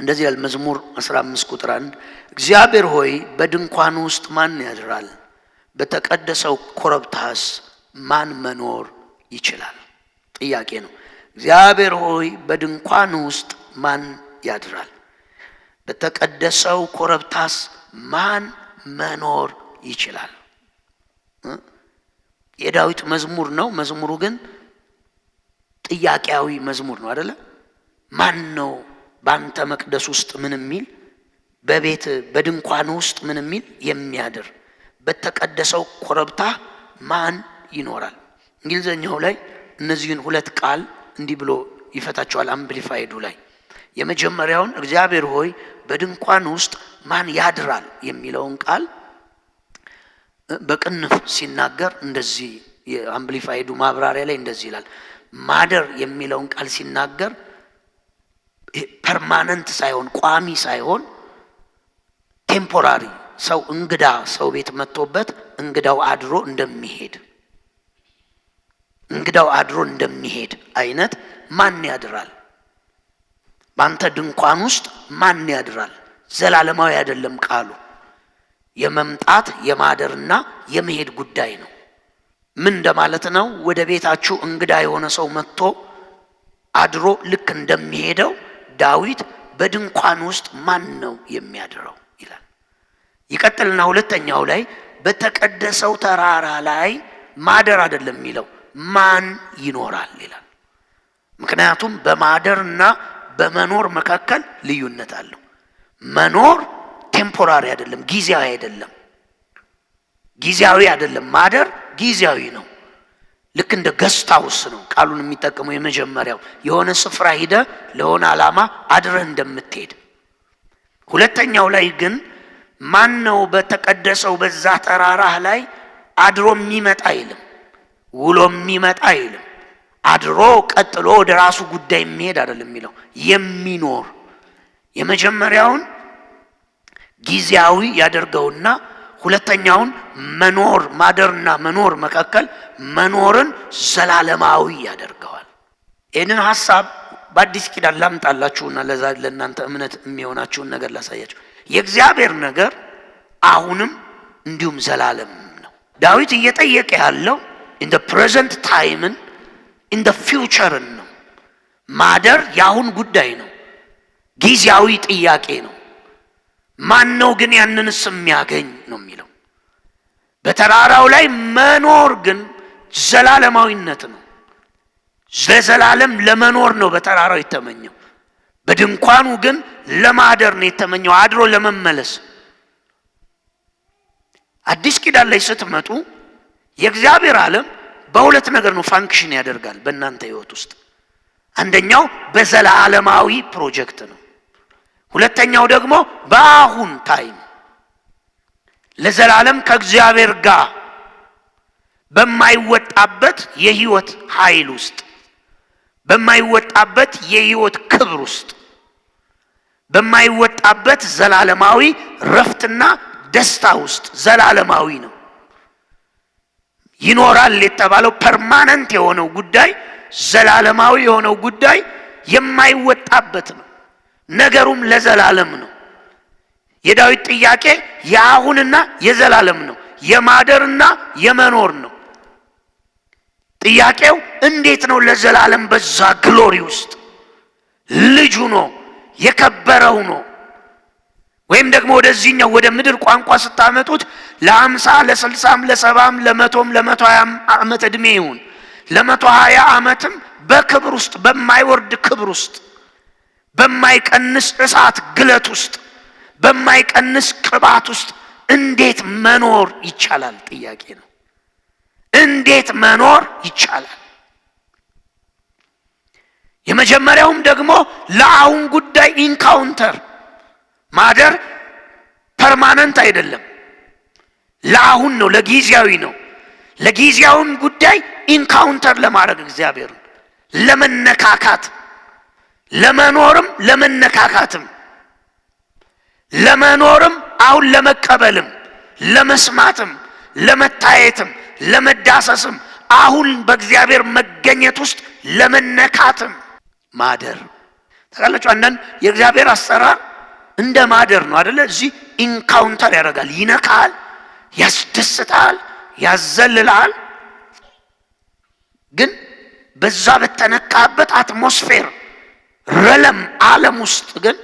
እንደዚህ ይላል መዝሙር 15 ቁጥር 1 እግዚአብሔር ሆይ በድንኳን ውስጥ ማን ያድራል? በተቀደሰው ኮረብታስ ማን መኖር ይችላል? ጥያቄ ነው። እግዚአብሔር ሆይ በድንኳን ውስጥ ማን ያድራል? በተቀደሰው ኮረብታስ ማን መኖር ይችላል? የዳዊት መዝሙር ነው። መዝሙሩ ግን ጥያቄያዊ መዝሙር ነው አደለ? ማን ነው በአንተ መቅደስ ውስጥ ምን የሚል በቤት በድንኳን ውስጥ ምን የሚል የሚያድር በተቀደሰው ኮረብታ ማን ይኖራል? እንግሊዘኛው ላይ እነዚህን ሁለት ቃል እንዲህ ብሎ ይፈታቸዋል። አምፕሊፋይዱ ላይ የመጀመሪያውን እግዚአብሔር ሆይ በድንኳን ውስጥ ማን ያድራል የሚለውን ቃል በቅንፍ ሲናገር እንደዚህ የአምፕሊፋይዱ ማብራሪያ ላይ እንደዚህ ይላል። ማደር የሚለውን ቃል ሲናገር ፐርማነንት ሳይሆን ቋሚ ሳይሆን ቴምፖራሪ ሰው እንግዳ ሰው ቤት መጥቶበት እንግዳው አድሮ እንደሚሄድ እንግዳው አድሮ እንደሚሄድ አይነት ማን ያድራል? በአንተ ድንኳን ውስጥ ማን ያድራል? ዘላለማዊ አይደለም ቃሉ። የመምጣት የማደርና የመሄድ ጉዳይ ነው። ምን እንደማለት ነው? ወደ ቤታችሁ እንግዳ የሆነ ሰው መጥቶ አድሮ ልክ እንደሚሄደው ዳዊት በድንኳን ውስጥ ማን ነው የሚያድረው ይላል። ይቀጥልና ሁለተኛው ላይ በተቀደሰው ተራራ ላይ ማደር አይደለም የሚለው ማን ይኖራል ይላል። ምክንያቱም በማደርና በመኖር መካከል ልዩነት አለው። መኖር ቴምፖራሪ አይደለም፣ ጊዜያዊ አይደለም። ጊዜያዊ አይደለም ማደር ጊዜያዊ ነው። ልክ እንደ ገስት ነው ቃሉን የሚጠቀመው የመጀመሪያው። የሆነ ስፍራ ሂደ ለሆነ ዓላማ አድረህ እንደምትሄድ ሁለተኛው ላይ ግን ማን ነው በተቀደሰው በዛ ተራራህ ላይ አድሮ የሚመጣ አይልም፣ ውሎ የሚመጣ አይልም። አድሮ ቀጥሎ ወደ ራሱ ጉዳይ የሚሄድ አይደለም የሚለው የሚኖር የመጀመሪያውን ጊዜያዊ ያደርገውና ሁለተኛውን መኖር ማደርና መኖር መካከል መኖርን ዘላለማዊ ያደርገዋል። ይህንን ሀሳብ በአዲስ ኪዳን ላምጣላችሁና ለዛ ለእናንተ እምነት የሚሆናችሁን ነገር ላሳያችሁ። የእግዚአብሔር ነገር አሁንም እንዲሁም ዘላለም ነው። ዳዊት እየጠየቀ ያለው ኢንደ ፕሬዘንት ታይምን ኢንደ ፊውቸርን ነው። ማደር የአሁን ጉዳይ ነው። ጊዜያዊ ጥያቄ ነው። ማን ነው ግን ስም የሚያገኝ ነው የሚለው። በተራራው ላይ መኖር ግን ዘላለማዊነት ነው። ለዘላለም ለመኖር ነው በተራራው የተመኘው። በድንኳኑ ግን ለማደር ነው የተመኘው፣ አድሮ ለመመለስ። አዲስ ኪዳን ላይ ስትመጡ የእግዚአብሔር ዓለም በሁለት ነገር ነው ፋንክሽን ያደርጋል በእናንተ ህይወት ውስጥ አንደኛው በዘላለማዊ ፕሮጀክት ነው። ሁለተኛው ደግሞ በአሁን ታይም ለዘላለም ከእግዚአብሔር ጋር በማይወጣበት የህይወት ኃይል ውስጥ በማይወጣበት የህይወት ክብር ውስጥ በማይወጣበት ዘላለማዊ ረፍትና ደስታ ውስጥ ዘላለማዊ ነው ይኖራል የተባለው ፐርማነንት የሆነው ጉዳይ ዘላለማዊ የሆነው ጉዳይ የማይወጣበት ነው። ነገሩም ለዘላለም ነው። የዳዊት ጥያቄ የአሁንና የዘላለም ነው። የማደርና የመኖር ነው። ጥያቄው እንዴት ነው ለዘላለም በዛ ግሎሪ ውስጥ ልጁ ነው የከበረው ነው። ወይም ደግሞ ወደዚህኛው ወደ ምድር ቋንቋ ስታመጡት ለአምሳ ለስልሳም ለሰባም ለመቶም ለመቶ ሀያ ዓመት ዕድሜ ይሁን ለመቶ ሀያ ዓመትም በክብር ውስጥ በማይወርድ ክብር ውስጥ በማይቀንስ እሳት ግለት ውስጥ በማይቀንስ ቅባት ውስጥ እንዴት መኖር ይቻላል? ጥያቄ ነው። እንዴት መኖር ይቻላል? የመጀመሪያውም ደግሞ ለአሁን ጉዳይ ኢንካውንተር ማደር ፐርማነንት አይደለም፣ ለአሁን ነው፣ ለጊዜያዊ ነው። ለጊዜያዊም ጉዳይ ኢንካውንተር ለማድረግ እግዚአብሔርን ለመነካካት ለመኖርም ለመነካካትም፣ ለመኖርም አሁን ለመቀበልም፣ ለመስማትም፣ ለመታየትም፣ ለመዳሰስም አሁን በእግዚአብሔር መገኘት ውስጥ ለመነካትም ማደር ተቃላችሁ አንዳንድ የእግዚአብሔር አሰራር እንደ ማደር ነው አደለ? እዚህ ኢንካውንተር ያደርጋል፣ ይነካል፣ ያስደስታል፣ ያዘልላል። ግን በዛ በተነካበት አትሞስፌር ረለም ዓለም ውስጥ ግን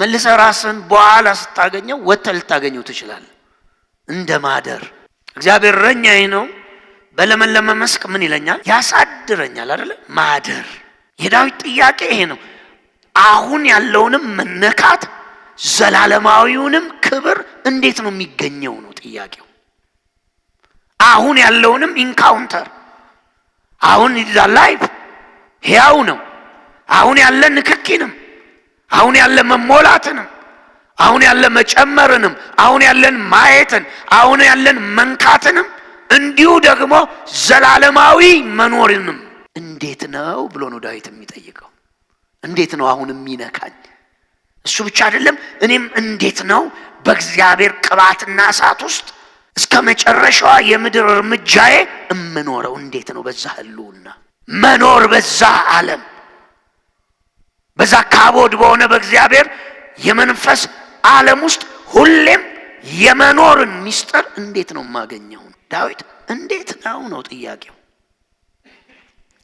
መልሰ ራስን በኋላ ስታገኘው ወተ ልታገኘው ትችላል። እንደ ማደር እግዚአብሔር እረኛዬ ነው፣ በለመለመ መስክ ምን ይለኛል? ያሳድረኛል። አደለ ማደር። የዳዊት ጥያቄ ይሄ ነው። አሁን ያለውንም መነካት ዘላለማዊውንም ክብር እንዴት ነው የሚገኘው ነው ጥያቄው። አሁን ያለውንም ኢንካውንተር አሁን ዛ ላይፍ ሕያው ነው አሁን ያለ ንክኪንም አሁን ያለ መሞላትንም አሁን ያለ መጨመርንም አሁን ያለን ማየትን አሁን ያለን መንካትንም እንዲሁ ደግሞ ዘላለማዊ መኖርንም እንዴት ነው ብሎ ነው ዳዊት የሚጠይቀው። እንዴት ነው አሁን የሚነካኝ? እሱ ብቻ አይደለም፣ እኔም እንዴት ነው በእግዚአብሔር ቅባትና እሳት ውስጥ እስከ መጨረሻዋ የምድር እርምጃዬ እምኖረው? እንዴት ነው በዛ ህልውና መኖር በዛ ዓለም በዛ ካቦድ በሆነ በእግዚአብሔር የመንፈስ ዓለም ውስጥ ሁሌም የመኖርን ሚስጥር እንዴት ነው የማገኘው? ዳዊት እንዴት ነው ነው ጥያቄው።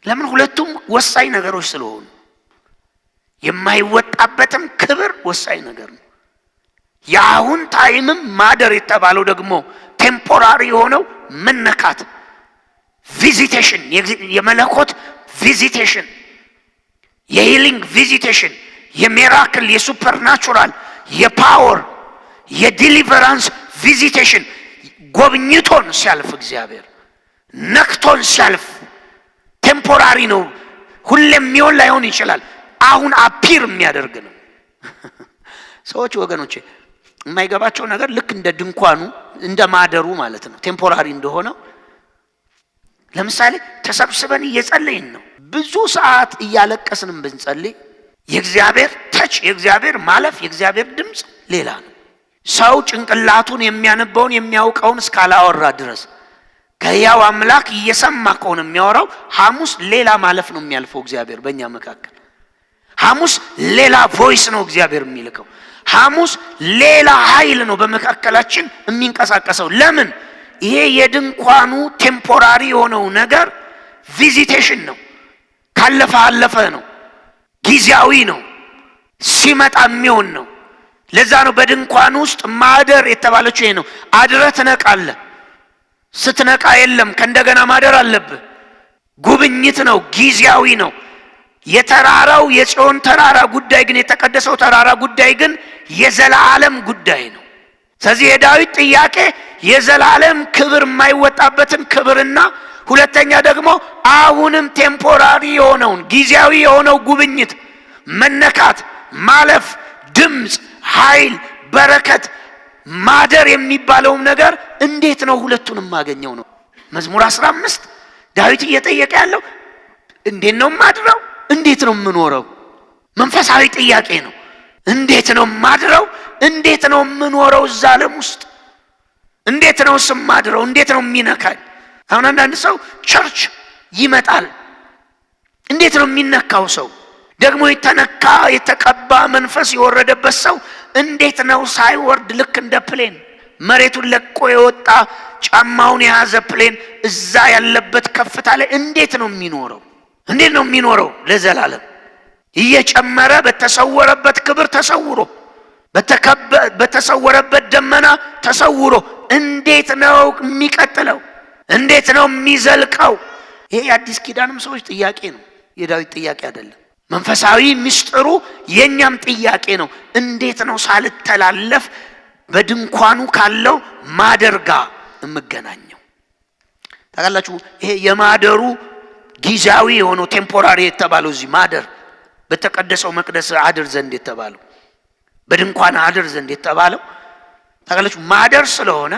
ለምን ሁለቱም ወሳኝ ነገሮች ስለሆኑ የማይወጣበትም ክብር ወሳኝ ነገር ነው። የአሁን ታይምም ማደር የተባለው ደግሞ ቴምፖራሪ የሆነው መነካት ቪዚቴሽን የመለኮት ቪዚቴሽን የሂሊንግ ቪዚቴሽን፣ የሚራክል፣ የሱፐርናቹራል፣ የፓወር፣ የዲሊቨራንስ ቪዚቴሽን ጎብኝቶን ሲያልፍ እግዚአብሔር ነክቶን ሲያልፍ ቴምፖራሪ ነው። ሁሌም የሚሆን ላይሆን ይችላል። አሁን አፒር የሚያደርግ ነው። ሰዎች ወገኖች የማይገባቸው ነገር ልክ እንደ ድንኳኑ እንደ ማደሩ ማለት ነው፣ ቴምፖራሪ እንደሆነው። ለምሳሌ ተሰብስበን እየጸለይን ነው ብዙ ሰዓት እያለቀስንም ብንጸልይ የእግዚአብሔር ተች የእግዚአብሔር ማለፍ የእግዚአብሔር ድምፅ ሌላ ነው። ሰው ጭንቅላቱን የሚያነበውን የሚያውቀውን እስካላወራ ድረስ ከያው አምላክ እየሰማ ከሆነ የሚያወራው ሐሙስ ሌላ ማለፍ ነው የሚያልፈው እግዚአብሔር በእኛ መካከል። ሐሙስ ሌላ ቮይስ ነው እግዚአብሔር የሚልከው። ሐሙስ ሌላ ኃይል ነው በመካከላችን የሚንቀሳቀሰው። ለምን? ይሄ የድንኳኑ ቴምፖራሪ የሆነው ነገር ቪዚቴሽን ነው። ካለፈ አለፈ ነው። ጊዜያዊ ነው። ሲመጣ የሚሆን ነው። ለዛ ነው በድንኳን ውስጥ ማደር የተባለችው። ይሄ ነው። አድረ ትነቃለ። ስትነቃ የለም ከእንደገና ማደር አለብህ። ጉብኝት ነው። ጊዜያዊ ነው። የተራራው የጽዮን ተራራ ጉዳይ ግን የተቀደሰው ተራራ ጉዳይ ግን የዘላለም ጉዳይ ነው። ስለዚህ የዳዊት ጥያቄ የዘላለም ክብር የማይወጣበትን ክብርና ሁለተኛ ደግሞ አሁንም ቴምፖራሪ የሆነውን ጊዜያዊ የሆነው ጉብኝት፣ መነካት፣ ማለፍ፣ ድምፅ፣ ኃይል፣ በረከት፣ ማደር የሚባለውም ነገር እንዴት ነው ሁለቱንም ማገኘው ነው። መዝሙር አስራ አምስት ዳዊት እየጠየቀ ያለው እንዴት ነው ማድረው? እንዴት ነው የምኖረው? መንፈሳዊ ጥያቄ ነው። እንዴት ነው ማድረው? እንዴት ነው የምኖረው? እዛ ዓለም ውስጥ እንዴት ነው ስማድረው? እንዴት ነው የሚነካኝ አሁን አንዳንድ ሰው ቸርች ይመጣል። እንዴት ነው የሚነካው ሰው? ደግሞ የተነካ የተቀባ መንፈስ የወረደበት ሰው እንዴት ነው ሳይወርድ ልክ እንደ ፕሌን መሬቱን ለቆ የወጣ ጫማውን የያዘ ፕሌን እዛ ያለበት ከፍታ ላይ እንዴት ነው የሚኖረው? እንዴት ነው የሚኖረው ለዘላለም እየጨመረ በተሰወረበት ክብር ተሰውሮ በተሰወረበት ደመና ተሰውሮ እንዴት ነው የሚቀጥለው? እንዴት ነው የሚዘልቀው? ይሄ የአዲስ ኪዳንም ሰዎች ጥያቄ ነው፣ የዳዊት ጥያቄ አይደለም። መንፈሳዊ ምስጢሩ የእኛም ጥያቄ ነው። እንዴት ነው ሳልተላለፍ በድንኳኑ ካለው ማደር ጋር የምገናኘው? ታውቃላችሁ፣ ይሄ የማደሩ ጊዜያዊ የሆነው ቴምፖራሪ የተባለው እዚህ ማደር በተቀደሰው መቅደስ አድር ዘንድ የተባለው በድንኳን አድር ዘንድ የተባለው ታውቃላችሁ ማደር ስለሆነ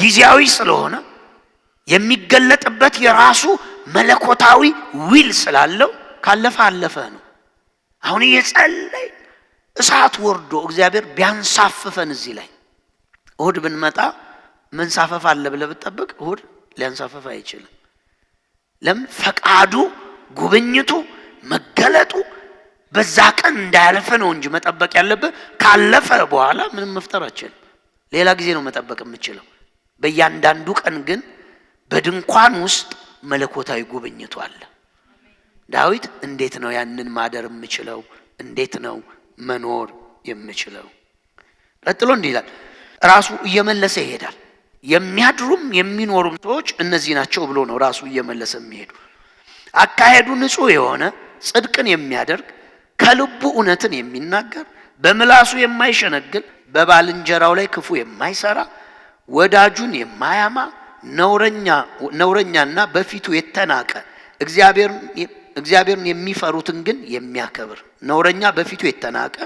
ጊዜያዊ ስለሆነ የሚገለጥበት የራሱ መለኮታዊ ዊል ስላለው ካለፈ አለፈ ነው። አሁን እየጸለይ እሳት ወርዶ እግዚአብሔር ቢያንሳፍፈን እዚህ ላይ እሁድ ብንመጣ መንሳፈፍ አለ ብለህ ብትጠብቅ እሁድ ሊያንሳፈፍ አይችልም። ለምን? ፈቃዱ ጉብኝቱ፣ መገለጡ በዛ ቀን እንዳያልፍ ነው እንጂ መጠበቅ ያለብህ ካለፈ በኋላ ምንም መፍጠር አችልም። ሌላ ጊዜ ነው መጠበቅ የምችለው። በእያንዳንዱ ቀን ግን በድንኳን ውስጥ መለኮታዊ ጉብኝቱ አለ። ዳዊት እንዴት ነው ያንን ማደር የምችለው? እንዴት ነው መኖር የምችለው? ቀጥሎ እንዲህ ይላል፣ ራሱ እየመለሰ ይሄዳል። የሚያድሩም የሚኖሩም ሰዎች እነዚህ ናቸው ብሎ ነው ራሱ እየመለሰ የሚሄዱ። አካሄዱ ንጹሕ የሆነ ጽድቅን የሚያደርግ ከልቡ እውነትን የሚናገር በምላሱ የማይሸነግል በባልንጀራው ላይ ክፉ የማይሰራ ወዳጁን የማያማ ነውረኛና በፊቱ የተናቀ እግዚአብሔርን የሚፈሩትን ግን የሚያከብር ነውረኛ በፊቱ የተናቀ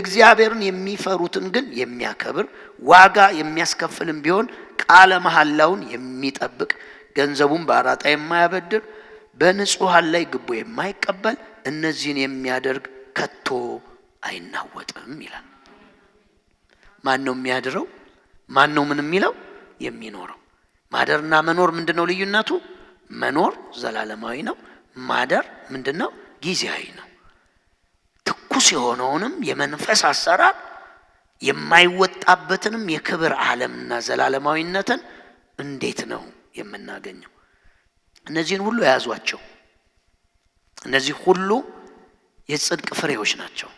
እግዚአብሔርን የሚፈሩትን ግን የሚያከብር ዋጋ የሚያስከፍልም ቢሆን ቃለ መሐላውን የሚጠብቅ ገንዘቡን በአራጣ የማያበድር በንጹሐን ላይ ግቦ የማይቀበል እነዚህን የሚያደርግ ከቶ አይናወጥም ይላል። ማን ነው የሚያድረው? ማን ነው ምን የሚለው የሚኖረው። ማደርና መኖር ምንድን ነው ልዩነቱ? መኖር ዘላለማዊ ነው። ማደር ምንድን ነው? ጊዜያዊ ነው። ትኩስ የሆነውንም የመንፈስ አሰራር የማይወጣበትንም የክብር ዓለምና ዘላለማዊነትን እንዴት ነው የምናገኘው? እነዚህን ሁሉ የያዟቸው እነዚህ ሁሉ የጽድቅ ፍሬዎች ናቸው።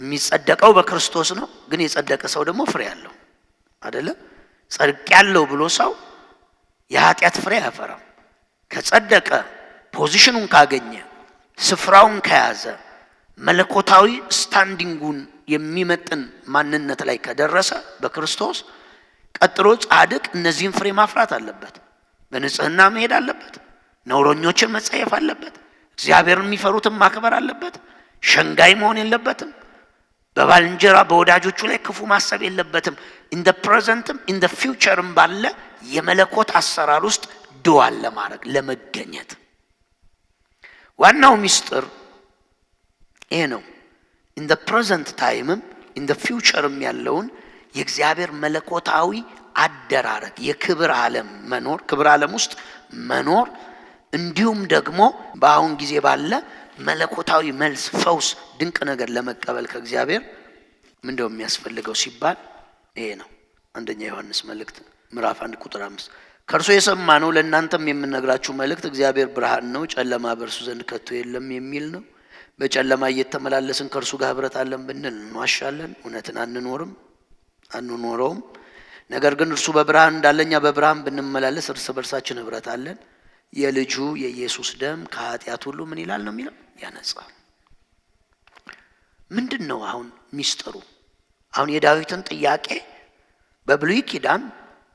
የሚጸደቀው በክርስቶስ ነው። ግን የጸደቀ ሰው ደግሞ ፍሬ አለው አይደለም። ጸድቅ ያለው ብሎ ሰው የኃጢአት ፍሬ አያፈራም። ከጸደቀ ፖዚሽኑን ካገኘ ስፍራውን ከያዘ መለኮታዊ ስታንዲንጉን የሚመጥን ማንነት ላይ ከደረሰ በክርስቶስ ቀጥሎ ጻድቅ እነዚህን ፍሬ ማፍራት አለበት። በንጽህና መሄድ አለበት። ነውረኞችን መጸየፍ አለበት። እግዚአብሔርን የሚፈሩትን ማክበር አለበት። ሸንጋይ መሆን የለበትም። በባልንጀራ በወዳጆቹ ላይ ክፉ ማሰብ የለበትም። ኢን ደ ፕሬዘንትም ኢን ደ ፊውቸርም ባለ የመለኮት አሰራር ውስጥ ድዋል ለማድረግ ለመገኘት ዋናው ሚስጥር ይሄ ነው። ኢን ደ ፕሬዘንት ታይምም ኢን ደ ፊውቸርም ያለውን የእግዚአብሔር መለኮታዊ አደራረግ የክብር ዓለም መኖር ክብር ዓለም ውስጥ መኖር እንዲሁም ደግሞ በአሁን ጊዜ ባለ መለኮታዊ መልስ፣ ፈውስ፣ ድንቅ ነገር ለመቀበል ከእግዚአብሔር ምንድነው የሚያስፈልገው ሲባል ይሄ ነው። አንደኛ ዮሐንስ መልእክት ምዕራፍ አንድ ቁጥር አምስት ከእርሶ የሰማ ነው ለእናንተም የምነግራችሁ መልእክት እግዚአብሔር ብርሃን ነው፣ ጨለማ በእርሱ ዘንድ ከቶ የለም የሚል ነው። በጨለማ እየተመላለስን ከእርሱ ጋር ህብረት አለን ብንል እንዋሻለን፣ እውነትን አንኖርም አንኖረውም። ነገር ግን እርሱ በብርሃን እንዳለኛ በብርሃን ብንመላለስ እርስ በርሳችን ህብረት አለን የልጁ የኢየሱስ ደም ከኃጢአት ሁሉ ምን ይላል ነው የሚለው ያነጻል። ምንድን ነው አሁን ሚስጥሩ? አሁን የዳዊትን ጥያቄ በብሉይ ኪዳን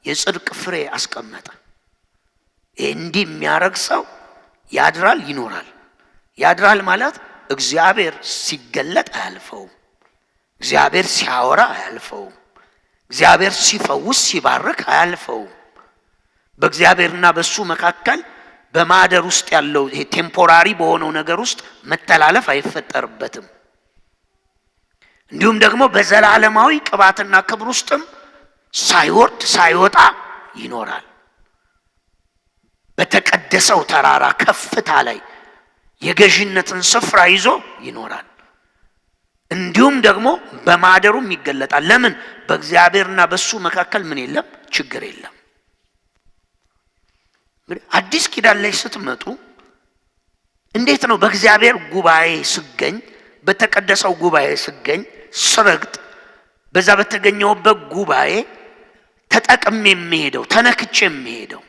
የጽድቅ ፍሬ አስቀመጠ። ይህ እንዲህ የሚያደርግ ሰው ያድራል፣ ይኖራል። ያድራል ማለት እግዚአብሔር ሲገለጥ አያልፈውም። እግዚአብሔር ሲያወራ አያልፈውም። እግዚአብሔር ሲፈውስ ሲባርክ አያልፈውም። በእግዚአብሔርና በእሱ መካከል በማደር ውስጥ ያለው ይሄ ቴምፖራሪ በሆነው ነገር ውስጥ መተላለፍ አይፈጠርበትም። እንዲሁም ደግሞ በዘላለማዊ ቅባትና ክብር ውስጥም ሳይወርድ ሳይወጣ ይኖራል። በተቀደሰው ተራራ ከፍታ ላይ የገዥነትን ስፍራ ይዞ ይኖራል። እንዲሁም ደግሞ በማደሩም ይገለጣል። ለምን? በእግዚአብሔርና በሱ መካከል ምን የለም? ችግር የለም። እንግዲህ አዲስ ኪዳን ላይ ስትመጡ እንዴት ነው በእግዚአብሔር ጉባኤ ስገኝ፣ በተቀደሰው ጉባኤ ስገኝ፣ ስረግጥ፣ በዛ በተገኘውበት ጉባኤ ተጠቅሜ የሚሄደው ተነክቼ የሚሄደው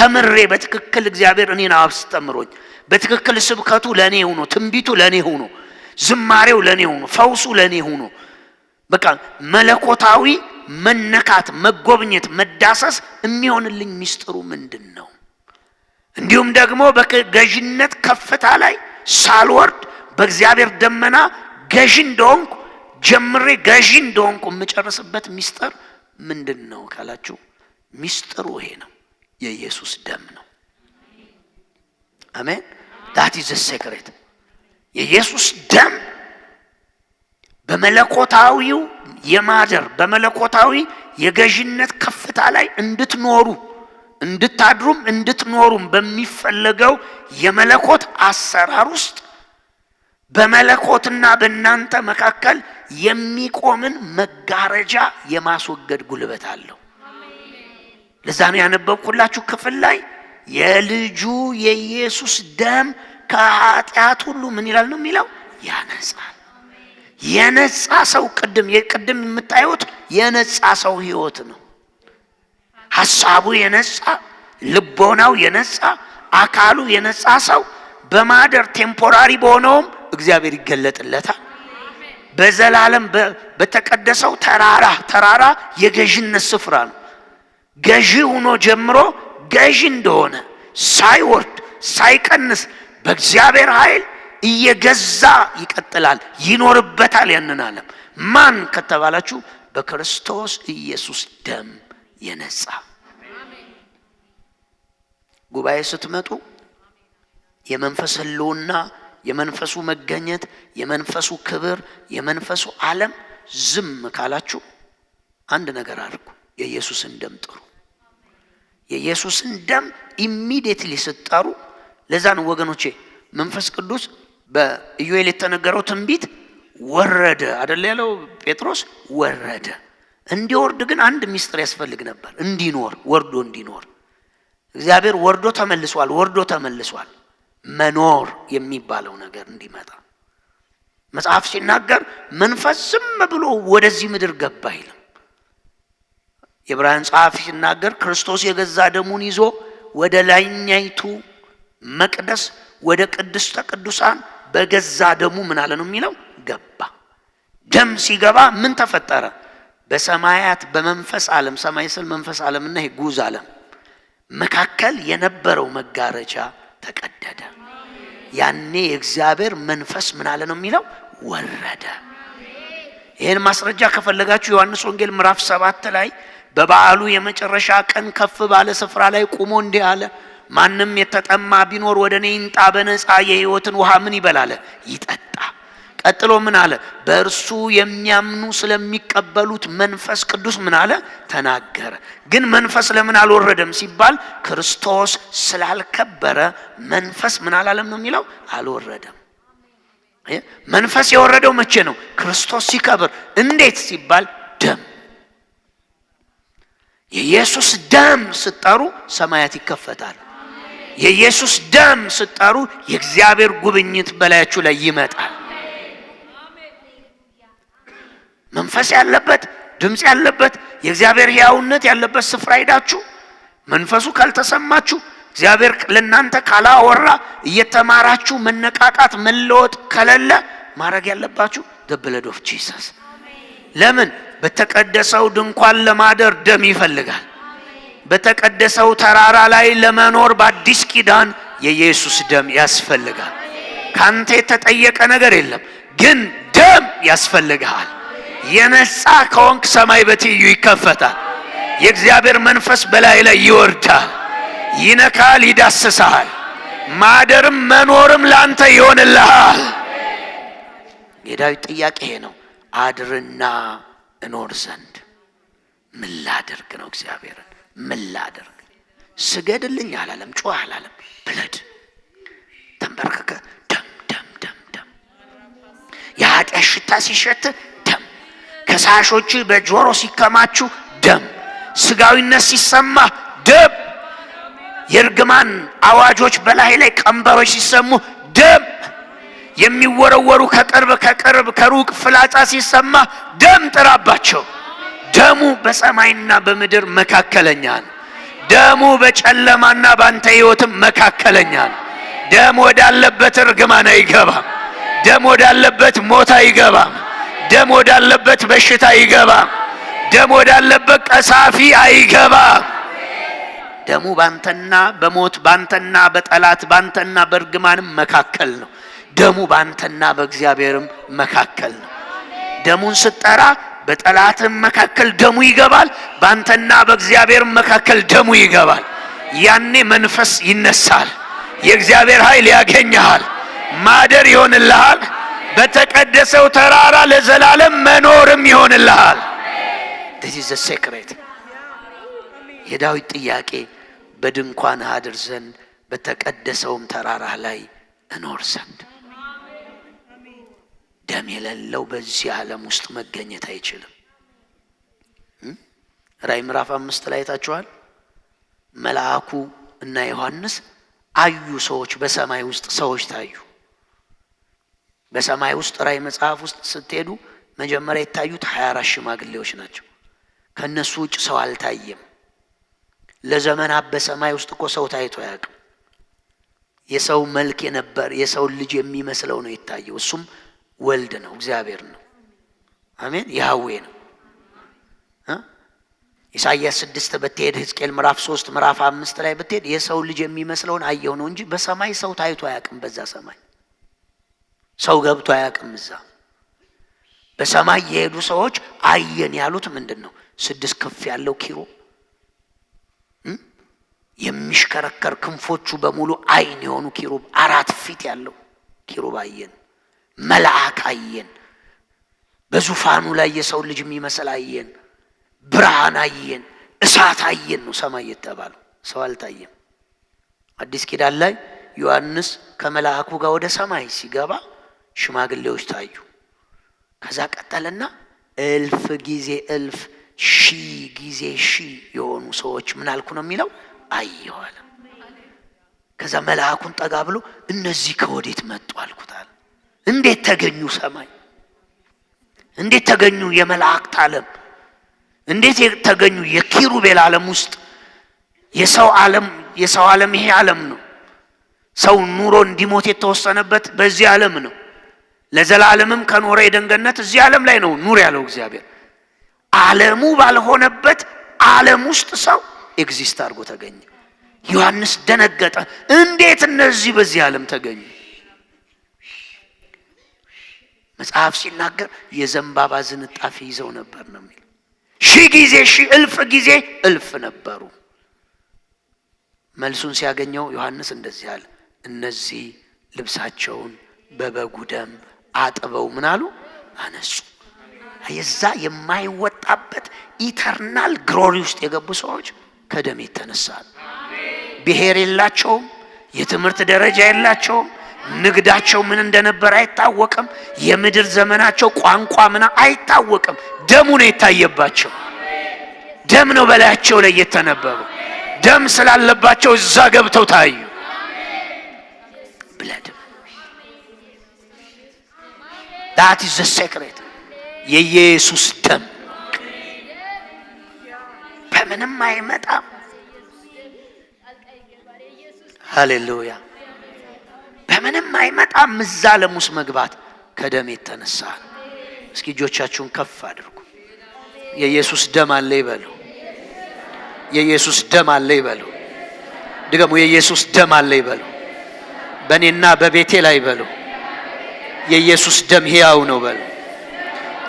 ተምሬ በትክክል እግዚአብሔር እኔን አስተምሮኝ በትክክል ስብከቱ ለእኔ ሆኖ ትንቢቱ ለእኔ ሆኖ ዝማሬው ለእኔ ሆኖ ፈውሱ ለእኔ ሆኖ በቃ መለኮታዊ መነካት መጎብኘት መዳሰስ የሚሆንልኝ ሚስጥሩ ምንድን ነው? እንዲሁም ደግሞ በገዥነት ከፍታ ላይ ሳልወርድ በእግዚአብሔር ደመና ገዥ እንደሆንኩ ጀምሬ ገዢ እንደሆንኩ የምጨርስበት ሚስጥር ምንድን ነው ካላችሁ፣ ሚስጥሩ ይሄ ነው። የኢየሱስ ደም ነው። አሜን። ዳት ኢዝ ሴክሬት። የኢየሱስ ደም በመለኮታዊው የማደር በመለኮታዊ የገዥነት ከፍታ ላይ እንድትኖሩ እንድታድሩም እንድትኖሩም በሚፈለገው የመለኮት አሰራር ውስጥ በመለኮትና በእናንተ መካከል የሚቆምን መጋረጃ የማስወገድ ጉልበት አለው። ለዛ ነው ያነበብኩላችሁ ክፍል ላይ የልጁ የኢየሱስ ደም ከኃጢአት ሁሉ ምን ይላል ነው የሚለው ያነጻል። የነጻ ሰው ቅድም ቅድም የምታዩት የነጻ ሰው ህይወት ነው። ሀሳቡ የነጻ ልቦናው የነጻ አካሉ የነጻ ሰው በማደር ቴምፖራሪ በሆነውም እግዚአብሔር ይገለጥለታል። በዘላለም በተቀደሰው ተራራ ተራራ የገዥነት ስፍራ ነው። ገዢ ሆኖ ጀምሮ ገዢ እንደሆነ ሳይወርድ ሳይቀንስ በእግዚአብሔር ኃይል እየገዛ ይቀጥላል፣ ይኖርበታል። ያንን ዓለም ማን ከተባላችሁ በክርስቶስ ኢየሱስ ደም የነጻ ጉባኤ ስትመጡ የመንፈስ ህልውና፣ የመንፈሱ መገኘት፣ የመንፈሱ ክብር፣ የመንፈሱ ዓለም ዝም ካላችሁ አንድ ነገር አድርጉ። የኢየሱስን ደም ጥሩ። የኢየሱስን ደም ኢሚዲየትሊ ስትጠሩ ለዛ ነው ወገኖቼ መንፈስ ቅዱስ በኢዮኤል የተነገረው ትንቢት ወረደ አደለ ያለው ጴጥሮስ ወረደ እንዲወርድ ግን አንድ ሚስጥር ያስፈልግ ነበር። እንዲኖር ወርዶ እንዲኖር እግዚአብሔር ወርዶ ተመልሷል፣ ወርዶ ተመልሷል። መኖር የሚባለው ነገር እንዲመጣ መጽሐፍ ሲናገር መንፈስ ዝም ብሎ ወደዚህ ምድር ገባ ይልም የብርሃን ጸሐፊ ሲናገር ክርስቶስ የገዛ ደሙን ይዞ ወደ ላይኛይቱ መቅደስ ወደ ቅድስተ ቅዱሳን በገዛ ደሙ ምን አለ ነው የሚለው ገባ። ደም ሲገባ ምን ተፈጠረ? በሰማያት በመንፈስ ዓለም ሰማይ ስል መንፈስ እና የጉዝ ዓለም መካከል የነበረው መጋረጃ ተቀደደ። ያኔ የእግዚአብሔር መንፈስ ምን አለ ነው የሚለው ወረደ። ይህን ማስረጃ ከፈለጋችሁ ዮሐንስ ወንጌል ምዕራፍ ሰባት ላይ በበዓሉ የመጨረሻ ቀን ከፍ ባለ ስፍራ ላይ ቁሞ እንዲህ አለ፣ ማንም የተጠማ ቢኖር ወደ እኔ ይንጣ፣ በነፃ የሕይወትን ውሃ ምን ይበላለ ይጠጣ ቀጥሎ ምን አለ? በእርሱ የሚያምኑ ስለሚቀበሉት መንፈስ ቅዱስ ምን አለ ተናገረ። ግን መንፈስ ለምን አልወረደም ሲባል ክርስቶስ ስላልከበረ መንፈስ ምን አላለም ነው የሚለው አልወረደም። መንፈስ የወረደው መቼ ነው? ክርስቶስ ሲከብር። እንዴት ሲባል ደም የኢየሱስ ደም ስጠሩ ሰማያት ይከፈታል። የኢየሱስ ደም ስጠሩ የእግዚአብሔር ጉብኝት በላያችሁ ላይ ይመጣል። መንፈስ ያለበት ድምፅ ያለበት የእግዚአብሔር ያውነት ያለበት ስፍራ ሄዳችሁ መንፈሱ ካልተሰማችሁ እግዚአብሔር ለእናንተ ካላወራ እየተማራችሁ መነቃቃት መለወጥ ከለለ ማድረግ ያለባችሁ ደብለድ ኦፍ ጂሰስ። ለምን በተቀደሰው ድንኳን ለማደር ደም ይፈልጋል። በተቀደሰው ተራራ ላይ ለመኖር በአዲስ ኪዳን የኢየሱስ ደም ያስፈልጋል። ካንተ የተጠየቀ ነገር የለም፣ ግን ደም ያስፈልግሃል። የነጻ ከሆንክ ሰማይ በትይዩ ይከፈታል። የእግዚአብሔር መንፈስ በላይ ላይ ይወርዳል፣ ይነካል፣ ይዳስሳል። ማደርም መኖርም ላንተ ይሆንልሃል። የዳዊት ጥያቄ ይሄ ነው። አድርና እኖር ዘንድ ምን ላደርግ ነው? እግዚአብሔርን ምን ላደርግ? ስገድልኝ አላለም፣ ጩህ አላለም። ብለድ ተንበርክከ ደም ደም ደም ደም የኃጢአት ሽታ ሲሸት ከሳሾች በጆሮ ሲከማችሁ ደም፣ ስጋዊነት ሲሰማ ደም፣ የእርግማን አዋጆች በላይ ላይ ቀንበሮች ሲሰሙ ደም፣ የሚወረወሩ ከቅርብ ከቅርብ ከሩቅ ፍላጻ ሲሰማ ደም ጥራባቸው። ደሙ በሰማይና በምድር መካከለኛ ነው። ደሙ በጨለማና ባንተ ህይወትም መካከለኛ ነው። ደም ወዳለበት እርግማን አይገባም። ደም ወዳለበት ሞት አይገባም። ደም ወዳለበት በሽታ አይገባ። ደም ወዳለበት ቀሳፊ አይገባ። ደሙ ባንተና በሞት ባንተና በጠላት ባንተና በእርግማንም መካከል ነው። ደሙ ባንተና በእግዚአብሔርም መካከል ነው። ደሙን ስጠራ በጠላትም መካከል ደሙ ይገባል፣ ባንተና በእግዚአብሔርም መካከል ደሙ ይገባል። ያኔ መንፈስ ይነሳል። የእግዚአብሔር ኃይል ያገኘሃል። ማደር ይሆንልሃል። በተቀደሰው ተራራ ለዘላለም መኖርም ይሆንልሃል። ዘ ሴክሬት የዳዊት ጥያቄ በድንኳን አድር ዘንድ በተቀደሰውም ተራራ ላይ እኖር ዘንድ። ደም የሌለው በዚህ ዓለም ውስጥ መገኘት አይችልም። ራእይ ምዕራፍ አምስት ላይ ታችኋል። መልአኩ እና ዮሐንስ አዩ። ሰዎች በሰማይ ውስጥ ሰዎች ታዩ። በሰማይ ውስጥ ራእይ መጽሐፍ ውስጥ ስትሄዱ መጀመሪያ የታዩት ሀያ አራት ሽማግሌዎች ናቸው። ከእነሱ ውጭ ሰው አልታየም። ለዘመናት በሰማይ ውስጥ እኮ ሰው ታይቶ አያውቅም። የሰው መልክ የነበር የሰውን ልጅ የሚመስለው ነው የታየው። እሱም ወልድ ነው፣ እግዚአብሔር ነው። አሜን፣ ያህዌ ነው። ኢሳይያስ ስድስት ብትሄድ ሕዝቅኤል ምዕራፍ ሶስት ምዕራፍ አምስት ላይ ብትሄድ የሰው ልጅ የሚመስለውን አየው ነው እንጂ በሰማይ ሰው ታይቶ አያውቅም። በዛ ሰማይ ሰው ገብቶ አያውቅም። እዛ በሰማይ የሄዱ ሰዎች አየን ያሉት ምንድን ነው? ስድስት ክንፍ ያለው ኪሮ የሚሽከረከር ክንፎቹ በሙሉ አይን የሆኑ ኪሩብ አራት ፊት ያለው ኪሩብ አየን። መልአክ አየን። በዙፋኑ ላይ የሰው ልጅ የሚመስል አየን። ብርሃን አየን። እሳት አየን ነው ሰማይ የተባሉ ሰው አልታየም። አዲስ ኪዳን ላይ ዮሐንስ ከመልአኩ ጋር ወደ ሰማይ ሲገባ ሽማግሌዎች ታዩ። ከዛ ቀጠለና እልፍ ጊዜ እልፍ ሺ ጊዜ ሺ የሆኑ ሰዎች ምን አልኩ ነው የሚለው አየዋል። ከዛ መልአኩን ጠጋ ብሎ እነዚህ ከወዴት መጡ አልኩታል። እንዴት ተገኙ ሰማይ? እንዴት ተገኙ የመላእክት ዓለም? እንዴት ተገኙ የኪሩቤል ዓለም ውስጥ የሰው ዓለም የሰው ዓለም ይሄ ዓለም ነው። ሰው ኑሮ እንዲሞት የተወሰነበት በዚህ ዓለም ነው። ለዘላለምም ከኖረ የደንገነት እዚህ ዓለም ላይ ነው ኑር ያለው እግዚአብሔር። ዓለሙ ባልሆነበት ዓለም ውስጥ ሰው ኤግዚስት አድርጎ ተገኘ። ዮሐንስ ደነገጠ። እንዴት እነዚህ በዚህ ዓለም ተገኙ? መጽሐፍ ሲናገር የዘንባባ ዝንጣፊ ይዘው ነበር ነው የሚል ሺ ጊዜ ሺ እልፍ ጊዜ እልፍ ነበሩ። መልሱን ሲያገኘው ዮሐንስ እንደዚህ አለ፣ እነዚህ ልብሳቸውን በበጉ ደም አጥበው ምናሉ አነሱ። የዛ የማይወጣበት ኢተርናል ግሎሪ ውስጥ የገቡ ሰዎች ከደም ይተነሳሉ። ብሔር የላቸውም፣ የትምህርት ደረጃ የላቸውም። ንግዳቸው ምን እንደነበር አይታወቅም። የምድር ዘመናቸው ቋንቋ ምና አይታወቅም። ደሙ ነው የታየባቸው። ደም ነው በላያቸው ላይ የተነበበው። ደም ስላለባቸው እዛ ገብተው ታዩ ብለድ ዳት ዘ ሴክሬት የኢየሱስ ደም በምንም አይመጣም። ሃሌሉያ በምንም አይመጣም። እዛ ለሙስ መግባት ከደም የተነሳ እስኪ እጆቻችሁን ከፍ አድርጉ። የኢየሱስ ደም አለ ይበሉ። የኢየሱስ ደም አለ ይበሉ። ድገሙ። የኢየሱስ ደም አለ ይበሉ። በእኔና በቤቴ ላይ ይበሉ። የኢየሱስ ደም ሕያው ነው በል።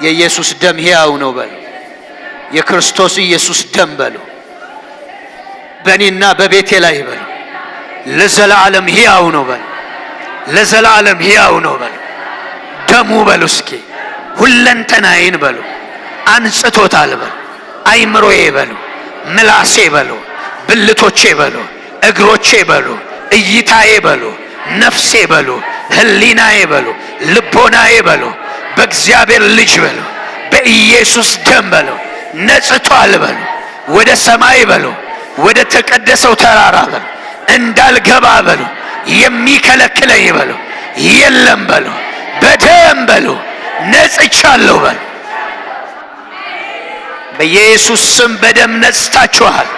የኢየሱስ ደም ሕያው ነው በል። የክርስቶስ ኢየሱስ ደም በሉ። በእኔና በቤቴ ላይ በሉ። ለዘላለም ሕያው ነው በል። ለዘላለም ሕያው ነው በሉ። ደሙ በሉ። እስኪ ሁለንተናዬን በሉ። አንጽቶታል በሉ። አይምሮዬ በሉ። ምላሴ በሉ። ብልቶቼ በሉ። እግሮቼ በሉ። እይታዬ በሉ። ነፍሴ በሉ ህሊናዬ በሉ፣ ልቦናዬ በሉ፣ በእግዚአብሔር ልጅ በሉ፣ በኢየሱስ ደም በሉ፣ ነጽቷል በሉ፣ ወደ ሰማይ በሉ፣ ወደ ተቀደሰው ተራራ በሉ፣ እንዳልገባ በሉ፣ የሚከለክለኝ በሉ፣ የለም በሉ፣ በደም በሉ፣ ነጽቻለሁ በሉ። በኢየሱስ ስም በደም ነጽታችኋል፣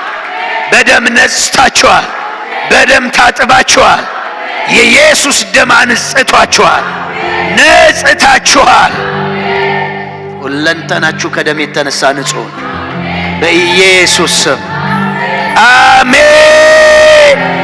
በደም ነጽታችኋል፣ በደም ታጥባችኋል። የኢየሱስ ደም አንጽቷችኋል፣ ነጽታችኋል። ሁለንተናችሁ ከደም የተነሳ ንጹህ በኢየሱስ ስም አሜን።